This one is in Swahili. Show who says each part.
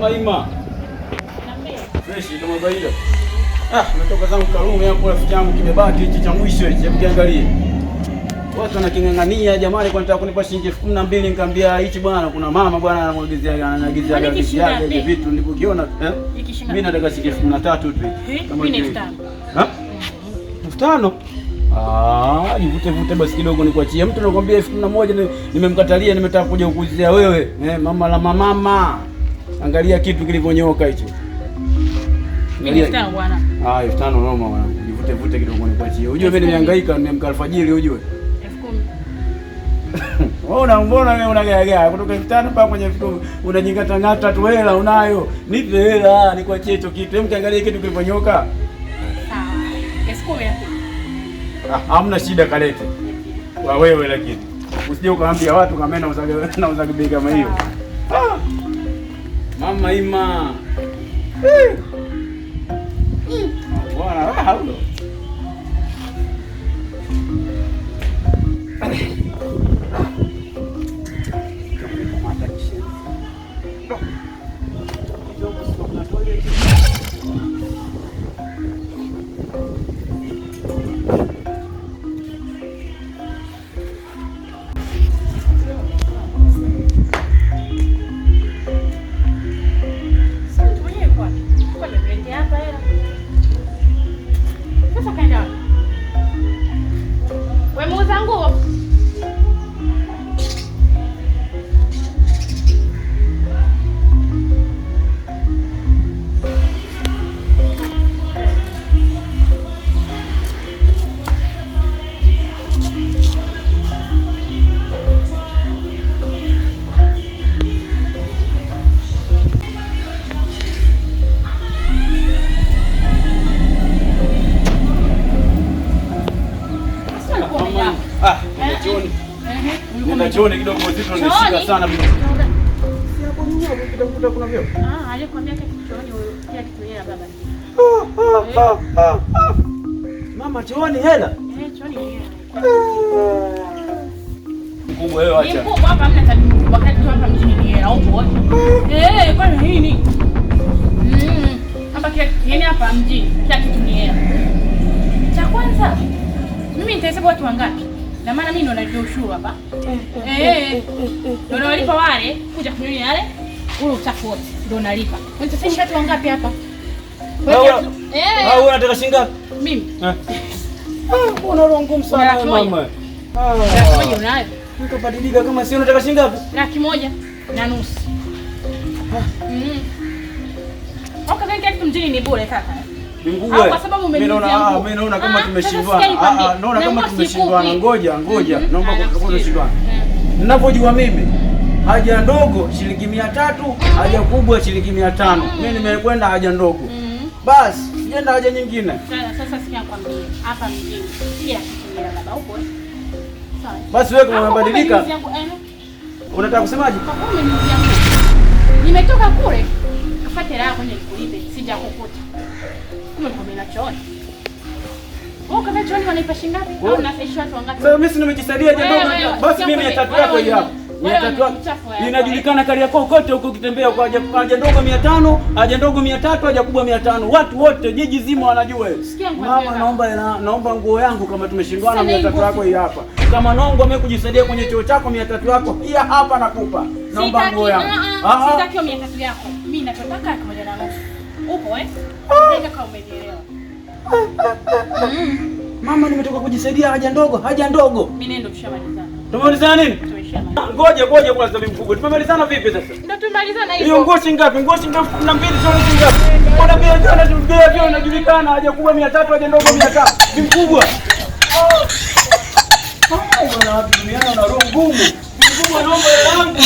Speaker 1: kama ima kama kawaida. Ah, umetoka zangu Karume hapo, rafiki yangu, kimebaki hichi cha mwisho hichi, hebu kiangalie. Watu wanaking'ang'ania jamani, kwa nitaka kunipa shilingi elfu kumi na mbili. Nikamwambia hichi bwana, kuna mama bwana anamwagizia ananiagizia gari yake hivi vitu, nilipokiona
Speaker 2: eh, mimi
Speaker 1: nataka shilingi elfu kumi na tatu tu
Speaker 2: hivi. Eh,
Speaker 1: ha? elfu tano Ah, jivute vute basi kidogo nikuachie. Mtu anakuambia elfu kumi na moja nimemkatalia, nimetaka kuja kukuuzia wewe. Eh, mama la mamama. Angalia kitu kilivyonyoka hicho. Ah, elfu tano noma bwana. Jivute vute kidogo nipatie. Unajua mimi nimehangaika nimeamka alfajiri unajua. Wewe unaona wewe unagaagaa kutoka elfu tano mpaka kwenye elfu kumi. Unajingata ngata tu hela unayo. Nipe hela nikuachie hicho kitu. Hebu angalia kitu kilivyonyoka. Ah, hamna shida kalete. Kwa wewe lakini. Usije ukaambia watu kama mimi nauza bei kama hiyo. Mamá y chooni kidogo zito nishika sana mimi.
Speaker 2: Ah, alikwambia kitu chooni huyo. Kila kitu yeye
Speaker 1: baba. Mama chooni hela?
Speaker 2: Eh, chooni hela.
Speaker 1: Mkubwa wewe acha.
Speaker 2: Mkubwa hapa hamna tabia mkubwa wakati tu ni hela huko Eh, kwani hii ni? Mm. Hapa kile yani hapa mjini kila kitu ni hela. Cha kwanza mimi nitahesabu watu wangapi? na maana mimi ndo nalipia ushuru hapa eh, eh, eh, eh, ndo nalipa wale kuja kunyonya yale ule uchafu wote ndo nalipa. Sasa watu wangapi hapa?
Speaker 1: Wewe unataka shilingi ngapi? Mimi Ah, una roho ngumu sana wewe mama.
Speaker 2: Wewe ah. unayo
Speaker 1: badilika kama si unataka shilingi ngapi?
Speaker 2: Laki moja na nusu. Ah. Mm. Mm-hmm. Okay, Mjini ni bure kaka kwa sababu umeniambia. Ah,
Speaker 1: mimi naona kama ah, tumeshindwana. Ah, naona kama tumeshindwana. Ngoja ngoja, mm-hmm. naomba mm-hmm. Ninapojua mimi haja ndogo shilingi mia tatu, mm-hmm. haja kubwa shilingi mia tano. Mimi nimekwenda haja ndogo, basi sijaenda haja nyingine. Basi wewe kama unabadilika, eh? unataka kusemaje?
Speaker 2: Nimetoka kule, kafate raha kwenye kulipe, sijakukuta
Speaker 1: basi mimi mia tatu yako hiyo hapo. Mia tatu inajulikana kote huko ukitembea kwa haja ndogo mia tano, haja ndogo mia tatu, haja kubwa mia tano. Watu wote jiji zima wanajua. Mama, naomba naomba nguo yangu kama tumeshindwana mia tatu yako hii hapa. Kama nongo mimi kujisaidia kwenye choo chako mia tatu yako hii hapa nakupa. Naomba nguo yangu.
Speaker 2: Ah, ah, sitaki mia tatu yako. Mimi nataka kama jana Upo eh? Ah! Mm.
Speaker 1: Mama, nimetoka kujisaidia haja ndogo, haja ndogo.
Speaker 2: Mimi ndio tushamalizana.
Speaker 1: Tumemalizana nini?
Speaker 2: Tumeshamalizana.
Speaker 1: Ah, ngoja ngoja kwanza mimi mkubwa. Tumemalizana vipi sasa?
Speaker 2: Ndio tumemalizana hiyo.
Speaker 1: Hiyo nguo ngapi? Nguo ngapi? Kuna mbili sio ngapi? Mbona pia na tumbea hiyo inajulikana haja kubwa 300 haja ndogo 500. Ni mkubwa. Ah! Bwana watu duniani wana roho ngumu. Mkubwa naomba yangu.